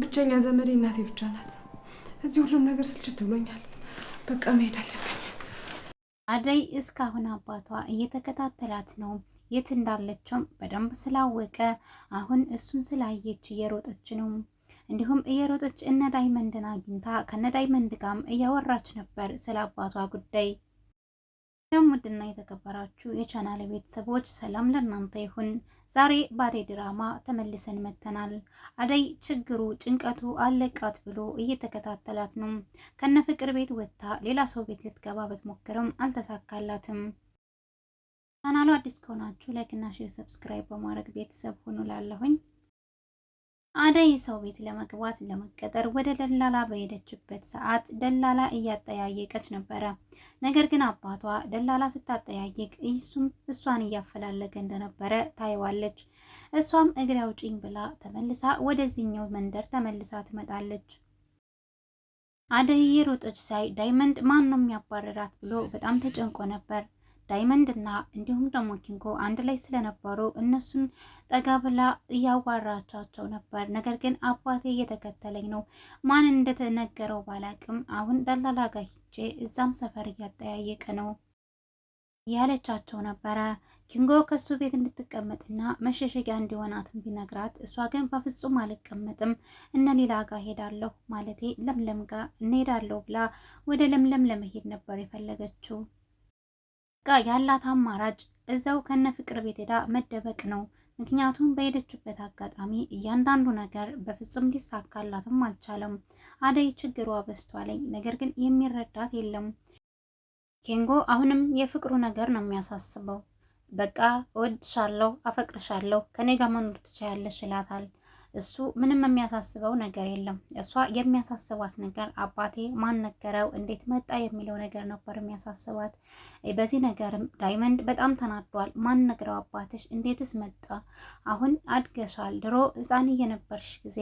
ብቸኛ ዘመዴ እናቴ ብቻ ናት። እዚህ ሁሉም ነገር ስልችት ብሎኛል። በቃ መሄድ አለብኝ። አደይ እስካሁን አባቷ እየተከታተላት ነው። የት እንዳለችውም በደንብ ስላወቀ አሁን እሱን ስላየች እየሮጠች ነው። እንዲሁም እየሮጠች እነ ዳይመንድን አግኝታ ከነ ዳይመንድ ጋርም እያወራች ነበር ስለ አባቷ ጉዳይ። ደም ውድና የተከበራችሁ የቻናል ቤተሰቦች ሰላም ለእናንተ ይሁን። ዛሬ በአደይ ድራማ ተመልሰን መጥተናል። አደይ ችግሩ ጭንቀቱ አለቃት ብሎ እየተከታተላት ነው። ከነ ፍቅር ቤት ወጥታ ሌላ ሰው ቤት ልትገባ ብትሞክርም አልተሳካላትም። ቻናሉ አዲስ ከሆናችሁ ላይክና ሼር፣ ሰብስክራይብ በማድረግ ቤተሰብ ሁኑ ላለሁኝ አደይ ሰው ቤት ለመግባት ለመቀጠር ወደ ደላላ በሄደችበት ሰዓት ደላላ እያጠያየቀች ነበረ። ነገር ግን አባቷ ደላላ ስታጠያየቅ እሱም እሷን እያፈላለገ እንደነበረ ታይዋለች። እሷም እግሬ አውጪኝ ብላ ተመልሳ ወደዚህኛው መንደር ተመልሳ ትመጣለች። አደይ የሮጠች ሳይ ዳይመንድ ማን ነው የሚያባረራት ብሎ በጣም ተጨንቆ ነበር። ዳይመንድ እና እንዲሁም ደግሞ ኪንጎ አንድ ላይ ስለነበሩ እነሱን ጠጋ ብላ እያዋራቻቸው ነበር። ነገር ግን አባቴ እየተከተለኝ ነው፣ ማን እንደተነገረው ባላቅም አሁን ደላላ ጋ ሂጄ እዛም ሰፈር እያጠያየቀ ነው ያለቻቸው ነበረ። ኪንጎ ከሱ ቤት እንድትቀመጥና መሸሸጊያ እንዲሆናትን ቢነግራት እሷ ግን በፍጹም አልቀመጥም እነ ሌላ ጋር ሄዳለሁ ማለቴ ለምለም ጋር እንሄዳለሁ ብላ ወደ ለምለም ለመሄድ ነበር የፈለገችው። ጋ ያላት አማራጭ እዛው ከነ ፍቅር ቤት ሄዳ መደበቅ ነው። ምክንያቱም በሄደችበት አጋጣሚ እያንዳንዱ ነገር በፍጹም ሊሳካላትም አልቻለም። አደይ ችግሯ በስቷለኝ፣ ነገር ግን የሚረዳት የለም። ኬንጎ አሁንም የፍቅሩ ነገር ነው የሚያሳስበው። በቃ እወድሻለሁ፣ አፈቅርሻለሁ፣ ከኔ ጋር መኖር ትችያለሽ ይላታል። እሱ ምንም የሚያሳስበው ነገር የለም። እሷ የሚያሳስባት ነገር አባቴ ማን ነገረው፣ እንዴት መጣ የሚለው ነገር ነበር የሚያሳስባት። በዚህ ነገርም ዳይመንድ በጣም ተናዷል። ማን ነግረው አባትሽ? እንዴትስ መጣ? አሁን አድገሻል። ድሮ ሕፃን የነበርሽ ጊዜ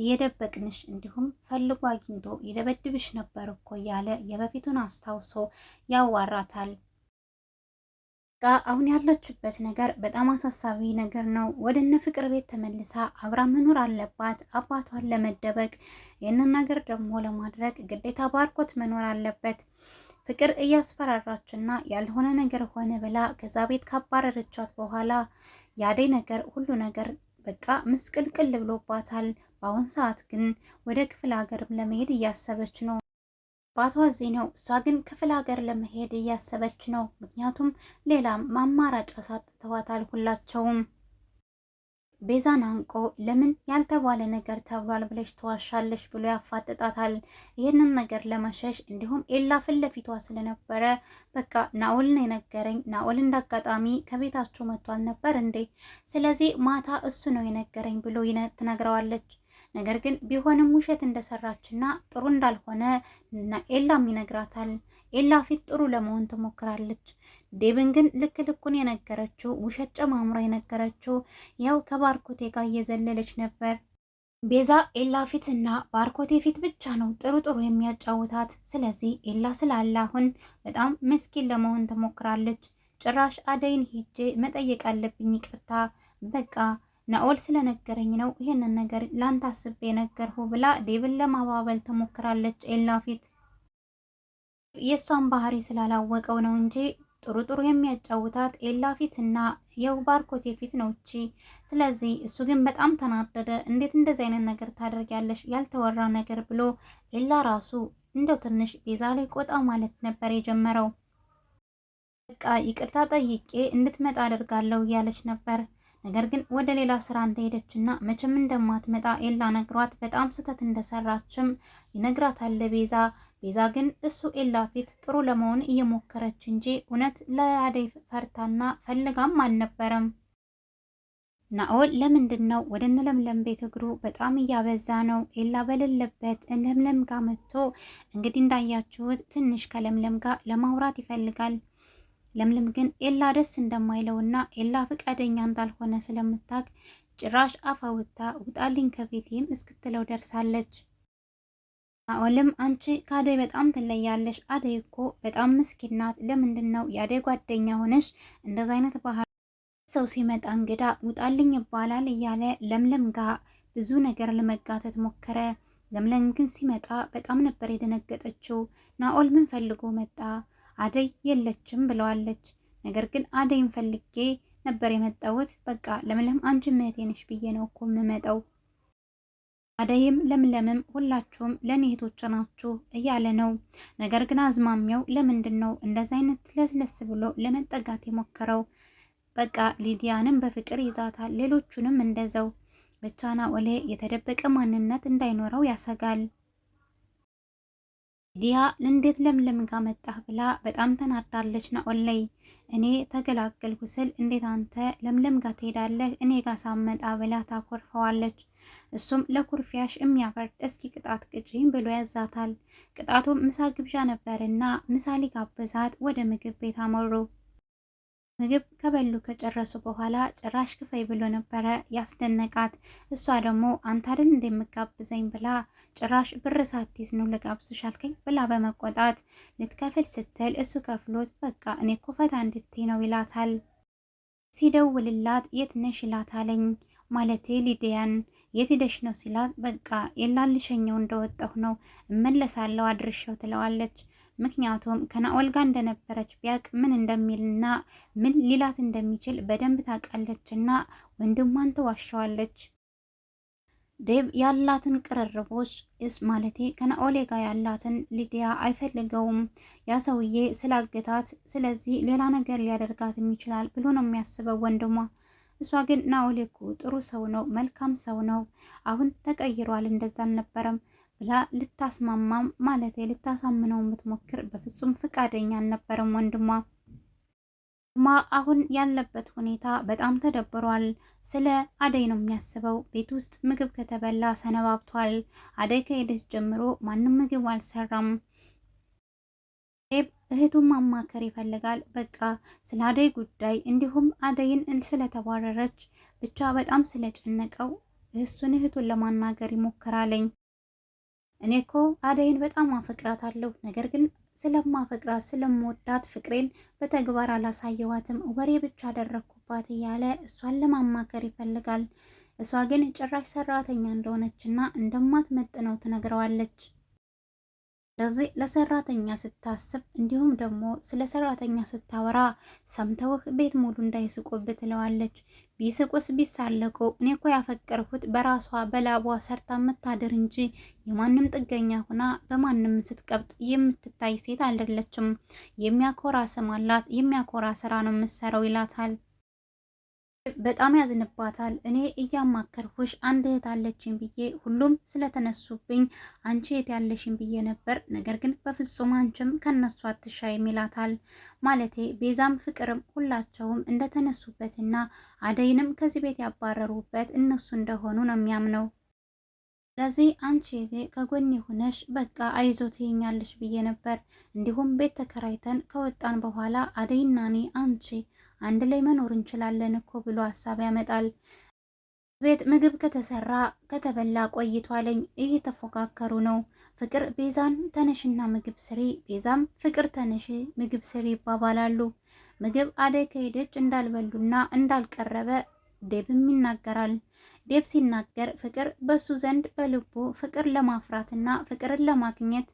እየደበቅንሽ እንዲሁም ፈልጎ አግኝቶ የደበድብሽ ነበር እኮ እያለ የበፊቱን አስታውሶ ያዋራታል። ጋ አሁን ያለችበት ነገር በጣም አሳሳቢ ነገር ነው። ወደ እነ ፍቅር ቤት ተመልሳ አብራ መኖር አለባት። አባቷን ለመደበቅ ይህንን ነገር ደግሞ ለማድረግ ግዴታ ባርኮት መኖር አለበት። ፍቅር እያስፈራራችና ያልሆነ ነገር ሆነ ብላ ከዛ ቤት ካባረረቻት በኋላ ያደይ ነገር ሁሉ ነገር በቃ ምስቅልቅል ብሎባታል። በአሁን ሰዓት ግን ወደ ክፍለ ሀገርም ለመሄድ እያሰበች ነው። አባቷ እዚህ ነው። እሷ ግን ክፍለ ሀገር ለመሄድ እያሰበች ነው። ምክንያቱም ሌላ ማማራጭ ሳትተዋታል ሁላቸውም። ቤዛን አንቆ ለምን ያልተባለ ነገር ተብሏል ብለሽ ተዋሻለሽ ብሎ ያፋጥጣታል። ይህንን ነገር ለመሸሽ እንዲሁም ኤላ ፊት ለፊቷ ስለነበረ በቃ ናኦልን የነገረኝ ናኦል እንዳጋጣሚ ከቤታችሁ መጥቷል ነበር እንዴ፣ ስለዚህ ማታ እሱ ነው የነገረኝ ብሎ ትነግረዋለች። ነገር ግን ቢሆንም ውሸት እንደሰራችና ጥሩ እንዳልሆነ ኤላም ይነግራታል። ኤላ ፊት ጥሩ ለመሆን ትሞክራለች። ዴብን ግን ልክ ልኩን የነገረችው ውሸት ጨማምራ የነገረችው ያው ከባርኮቴ ጋር እየዘለለች ነበር። ቤዛ ኤላ ፊት እና ባርኮቴ ፊት ብቻ ነው ጥሩ ጥሩ የሚያጫውታት። ስለዚህ ኤላ ስላለ አሁን በጣም ምስኪን ለመሆን ትሞክራለች። ጭራሽ አደይን ሂጄ መጠየቅ አለብኝ ይቅርታ በቃ ናኦል ስለነገረኝ ነው ይህንን ነገር ላንተ አስቤ ነገርሁ ብላ ዴብን ለማባበል ትሞክራለች። ኤላ ፊት የእሷን ባህሪ ስላላወቀው ነው እንጂ ጥሩ ጥሩ የሚያጫውታት ኤላ ፊት እና የው ባርኮቴ ፊት ነው እቺ። ስለዚህ እሱ ግን በጣም ተናደደ። እንዴት እንደዚህ አይነት ነገር ታደርጊያለሽ? ያልተወራ ነገር ብሎ ኤላ ራሱ እንደው ትንሽ ቤዛ ላይ ቆጣ ማለት ነበር የጀመረው። በቃ ይቅርታ ጠይቄ እንድትመጣ አደርጋለሁ እያለች ነበር ነገር ግን ወደ ሌላ ስራ እንደሄደችና መቼም እንደማትመጣ ኤላ ነግሯት በጣም ስህተት እንደሰራችም ይነግራታል ቤዛ። ቤዛ ግን እሱ ኤላ ፊት ጥሩ ለመሆን እየሞከረች እንጂ እውነት ለአደይ ፈርታና ፈልጋም አልነበረም። ናኦል ለምንድን ነው ወደ እነ ለምለም ቤት እግሩ በጣም እያበዛ ነው። ኤላ በሌለበት ለምለም ጋር መጥቶ እንግዲህ እንዳያችሁት ትንሽ ከለምለም ጋር ለማውራት ይፈልጋል። ለምለም ግን ኤላ ደስ እንደማይለውና ኤላ ፈቃደኛ እንዳልሆነ ስለምታቅ ጭራሽ አፋውታ ውጣልኝ ከቤቴም እስክትለው ደርሳለች። አኦልም አንቺ ከአደይ በጣም ትለያለሽ። አደይ እኮ በጣም ምስኪን ናት። ለምንድን ነው የአደይ ጓደኛ ሆነሽ እንደዚ አይነት ባህል ሰው ሲመጣ እንግዳ ውጣልኝ ይባላል እያለ ለምለም ጋር ብዙ ነገር ለመጋተት ሞከረ። ለምለም ግን ሲመጣ በጣም ነበር የደነገጠችው። ናኦል ምን ፈልጎ መጣ? አደይ የለችም ብለዋለች። ነገር ግን አደይን ፈልጌ ነበር የመጣሁት። በቃ ለምለም አንቺ እህቴ ነሽ ብዬ ነው እኮ የምመጣው። አደይም ለምለምም ሁላችሁም ለእኔ እህቶች ናችሁ እያለ ነው። ነገር ግን አዝማሚያው ለምንድን ነው እንደዚ አይነት ለስለስ ብሎ ለመጠጋት የሞከረው? በቃ ሊዲያንም በፍቅር ይዛታል፣ ሌሎቹንም እንደዛው። በቻና ወሌ የተደበቀ ማንነት እንዳይኖረው ያሰጋል። ሊያ እንዴት ለምለም ጋር መጣህ ብላ በጣም ተናዳለች። ናኦል ላይ እኔ ተገላገልኩ ስል እንዴት አንተ ለምለም ጋር ትሄዳለህ እኔ ጋር ሳመጣ ብላ ታኮርፈዋለች። እሱም ለኩርፊያሽ የሚያፈርድ እስኪ ቅጣት ቅጪኝ ብሎ ያዛታል። ቅጣቱም ምሳ ግብዣ ነበርና ምሳሌ ጋበዛት። ወደ ምግብ ቤት አመሩ። ምግብ ከበሉ ከጨረሱ በኋላ ጭራሽ ክፈይ ብሎ ነበረ ያስደነቃት። እሷ ደግሞ አንተ አይደል እንደምጋብዘኝ ብላ ጭራሽ ብር ሳትይዝ ነው ልጋብዝሽ አልከኝ ብላ በመቆጣት ልትከፍል ስትል እሱ ከፍሎት በቃ እኔ እኮ ፈታ እንድትይ ነው ይላታል። ሲደውልላት የት ነሽ ይላታለኝ ማለቴ ሊዲያን የት ሄደሽ ነው ሲላት በቃ የላልሸኘው እንደወጣሁ ነው እመለሳለሁ አድርሻው ትለዋለች። ምክንያቱም ከናኦል ጋር እንደነበረች ቢያቅ ምን እንደሚልና ምን ሊላት እንደሚችል በደንብ እና ወንድሟን ትዋሸዋለች። ዴብ ያላትን ቅርርቦች እስ ማለቴ ከናኦሌ ጋር ያላትን ሊዲያ አይፈልገውም። ያ ሰውዬ ስላገታት፣ ስለዚህ ሌላ ነገር ሊያደርጋትም ይችላል ብሎ ነው የሚያስበው ወንድሟ። እሷ ግን ናኦሌ እኮ ጥሩ ሰው ነው፣ መልካም ሰው ነው። አሁን ተቀይሯል፣ እንደዛ አልነበረም። ብላ ልታስማማም ማለት ልታሳምነው የምትሞክር በፍጹም ፈቃደኛ አልነበረም። ወንድሟ ማ አሁን ያለበት ሁኔታ በጣም ተደብሯል። ስለ አደይ ነው የሚያስበው። ቤት ውስጥ ምግብ ከተበላ ሰነባብቷል። አደይ ከሄደች ጀምሮ ማንም ምግብ አልሰራም። እህቱን ማማከር ይፈልጋል። በቃ ስለ አደይ ጉዳይ እንዲሁም አደይን ስለተባረረች ብቻ በጣም ስለጨነቀው እሱን እህቱን ለማናገር ይሞክራለኝ። እኔ እኮ አደይን በጣም አፈቅራታለሁ። ነገር ግን ስለማፈቅራት ስለምወዳት ፍቅሬን በተግባር አላሳየዋትም፣ ወሬ ብቻ አደረግኩባት እያለ እሷን ለማማከር ይፈልጋል። እሷ ግን ጭራሽ ሰራተኛ እንደሆነችና እንደማትመጥነው ትነግረዋለች። ለዚህ ለሰራተኛ ስታስብ እንዲሁም ደግሞ ስለ ሰራተኛ ስታወራ ሰምተውህ ቤት ሙሉ እንዳይስቁብህ ትለዋለች። ቢስቁስ ቢሳለቁ እኔ እኮ ያፈቀርኩት በራሷ በላቧ ሰርታ የምታድር እንጂ የማንም ጥገኛ ሆና በማንም ስትቀብጥ የምትታይ ሴት አይደለችም። የሚያኮራ ስም አላት፣ የሚያኮራ ስራ ነው የምትሰራው ይላታል። በጣም ያዝንባታል። እኔ እያማከርኩሽ አንድ እህት አለችኝ ብዬ ሁሉም ስለተነሱብኝ አንቺ የት ያለሽኝ ብዬ ነበር። ነገር ግን በፍጹም አንቺም ከነሱ አትሻይም ይላታል። ማለቴ ቤዛም ፍቅርም ሁላቸውም እንደተነሱበትና አደይንም ከዚህ ቤት ያባረሩበት እነሱ እንደሆኑ ነው የሚያምነው። ለዚህ አንቺ ከጎኔ ሆነሽ በቃ አይዞ ትይኛለሽ ብዬ ነበር። እንዲሁም ቤት ተከራይተን ከወጣን በኋላ አደይና እኔ አንቺ አንድ ላይ መኖር እንችላለን እኮ ብሎ ሀሳብ ያመጣል። ቤት ምግብ ከተሰራ ከተበላ ቆይቷለኝ እየተፎካከሩ ነው። ፍቅር ቤዛን ተነሽና ምግብ ስሪ፣ ቤዛም ፍቅር ተነሽ ምግብ ስሪ ይባባላሉ። ምግብ አደይ ከሄደች እንዳልበሉና እንዳልቀረበ ዴብም ይናገራል። ዴብ ሲናገር ፍቅር በሱ ዘንድ በልቡ ፍቅር ለማፍራትና ፍቅርን ለማግኘት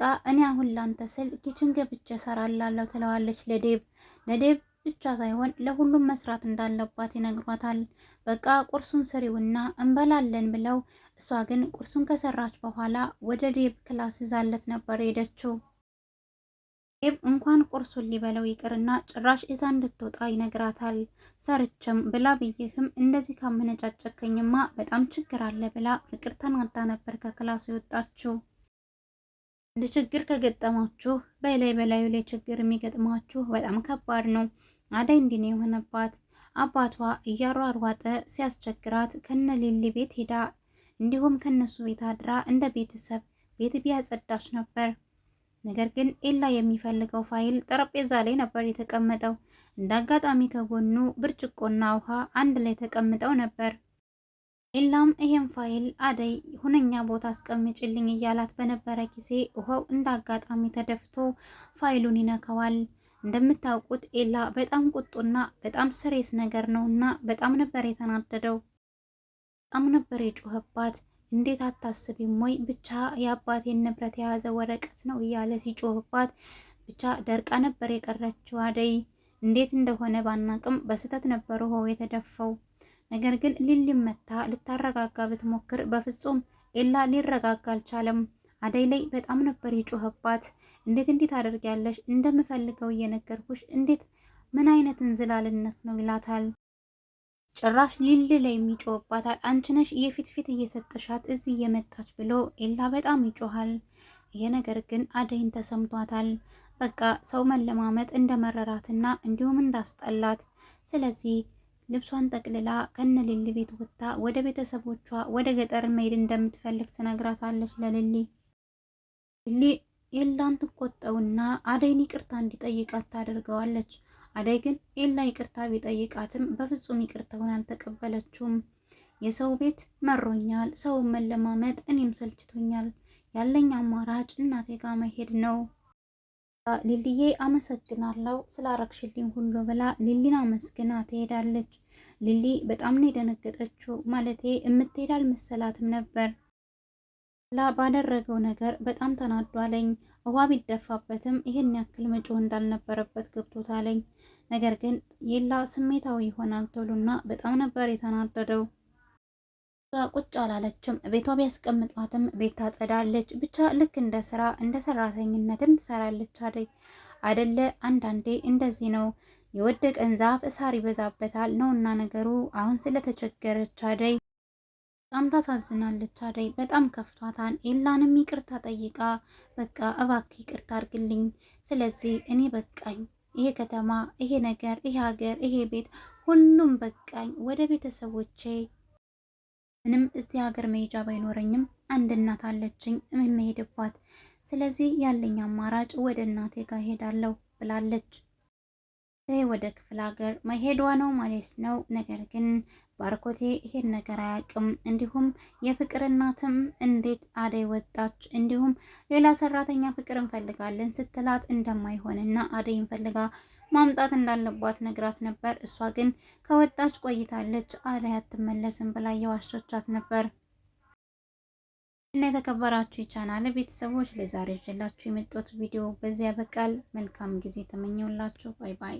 በቃ እኔ አሁን ላንተ ስል ኪችን ገብቼ እሰራላለሁ ትለዋለች ለዴብ ለዴብ ብቻ ሳይሆን ለሁሉም መስራት እንዳለባት ይነግሯታል። በቃ ቁርሱን ስሪውና እንበላለን ብለው እሷ ግን ቁርሱን ከሰራች በኋላ ወደ ዴብ ክላስ ይዛለት ነበር ሄደችው። ዴብ እንኳን ቁርሱን ሊበለው ይቅርና ጭራሽ እዛ እንድትወጣ ይነግራታል። ሰርችም ብላ ብይህም እንደዚህ ካመነጫጨከኝማ በጣም ችግር አለ ብላ ፍቅር ተናዳ ነበር ከክላሱ የወጣችው። ችግር ከገጠማችሁ በላይ በላዩ ላይ ችግር የሚገጥማችሁ በጣም ከባድ ነው። አደይ እንዲህ ነው የሆነባት። አባቷ እያሯሯጠ ሲያስቸግራት ከነ ሊሊ ቤት ሄዳ እንዲሁም ከነሱ ቤት አድራ እንደ ቤተሰብ ቤት ቢያጸዳች ነበር። ነገር ግን ኤላ የሚፈልገው ፋይል ጠረጴዛ ላይ ነበር የተቀመጠው። እንደ አጋጣሚ ከጎኑ ብርጭቆና ውሃ አንድ ላይ ተቀምጠው ነበር። ኤላም ይሄን ፋይል አደይ ሁነኛ ቦታ አስቀምጭልኝ እያላት በነበረ ጊዜ ውሃው እንደ አጋጣሚ ተደፍቶ ፋይሉን ይነካዋል። እንደምታውቁት ኤላ በጣም ቁጡና በጣም ስሬስ ነገር ነው እና በጣም ነበር የተናደደው። በጣም ነበር የጮህባት እንዴት አታስቢም ወይ ብቻ የአባቴን ንብረት የያዘ ወረቀት ነው እያለ ሲጮህባት ብቻ ደርቃ ነበር የቀረችው አደይ። እንዴት እንደሆነ ባናቅም በስህተት ነበር ውሃው የተደፋው። ነገር ግን ሊሊም መታ ልታረጋጋ ብትሞክር በፍጹም ኤላ ሊረጋጋ አልቻለም። አደይ ላይ በጣም ነበር የጮኸባት። እንዴት እንዴት አደርጊያለሽ እንደምፈልገው እየነገርኩሽ እንዴት ምን አይነት እንዝላልነት ነው ይላታል። ጭራሽ ሊሊ ላይ ይጮህባታል። አንቺ ነሽ የፊት እየሰጠሻት እዚህ እየመጣች ብሎ ኤላ በጣም ይጮሃል። ይሄ ነገር ግን አደይን ተሰምቷታል። በቃ ሰው መለማመጥ እንደመረራትና እንዲሁም እንዳስጠላት ስለዚህ ልብሷን ጠቅልላ ከነ ሊሊ ቤት ወጥታ ወደ ቤተሰቦቿ ወደ ገጠር መሄድ እንደምትፈልግ ትነግራታለች። ለሊሊ ሊሊ ኤላን ትቆጠውና አደይን ይቅርታ እንዲጠይቃት ታደርገዋለች። አደይ ግን ኤላ ይቅርታ ቢጠይቃትም በፍጹም ይቅርታውን አልተቀበለችውም። የሰው ቤት መሮኛል፣ ሰውን መለማመጥ እኔም ሰልችቶኛል፣ ያለኝ አማራጭ እናቴ ጋር መሄድ ነው ሊሊዬ አመሰግናለሁ ስላረግሽልኝ ሁሉ ብላ ሊሊን አመስግና ትሄዳለች። ሊሊ በጣም ነው የደነገጠችው። ማለቴ የምትሄድ አልመሰላትም ነበር ላ ባደረገው ነገር በጣም ተናዷለኝ። ውሃ ቢደፋበትም ይህን ያክል መጮህ እንዳልነበረበት ገብቶታለኝ። ነገር ግን የላ ስሜታዊ ይሆናል ቶሎና በጣም ነበር የተናደደው። ቁጭ አላለችም። ቤቷ ቢያስቀምጧትም ቤት ታጸዳለች። ብቻ ልክ እንደ ስራ እንደ ሰራተኝነትም ትሰራለች። አደይ አደለ አንዳንዴ እንደዚህ ነው። የወደቀን ዛፍ እሳር ይበዛበታል ነውና ነገሩ። አሁን ስለተቸገረች አደይ በጣም ታሳዝናለች። አደይ በጣም ከፍቷታን ኤላንም ይቅርታ ጠይቃ በቃ እባክህ ይቅርታ አድርግልኝ፣ ስለዚህ እኔ በቃኝ፣ ይሄ ከተማ፣ ይሄ ነገር፣ ይሄ ሀገር፣ ይሄ ቤት ሁሉም በቃኝ፣ ወደ ቤተሰቦቼ ምንም እዚህ ሀገር መሄጃ ባይኖረኝም አንድ እናት አለችኝ የምሄድባት። ስለዚህ ያለኝ አማራጭ ወደ እናቴ ጋር ሄዳለሁ ብላለች። ይህ ወደ ክፍለ ሀገር መሄዷ ነው ማለት ነው። ነገር ግን ባርኮቴ ይሄን ነገር አያውቅም። እንዲሁም የፍቅር እናትም እንዴት አደይ ወጣች፣ እንዲሁም ሌላ ሰራተኛ ፍቅር እንፈልጋለን ስትላት እንደማይሆንና አደይ ፈልጋ ማምጣት እንዳለባት ነግራት ነበር። እሷ ግን ከወጣች ቆይታለች፣ አደይ አትመለስም ብላ የዋሸቻት ነበር። እና የተከበራችሁ የቻናል ቤተሰቦች ለዛሬ ይዤላችሁ የመጣሁት ቪዲዮ በዚያ በቃል መልካም ጊዜ ተመኘውላችሁ። ባይ ባይ።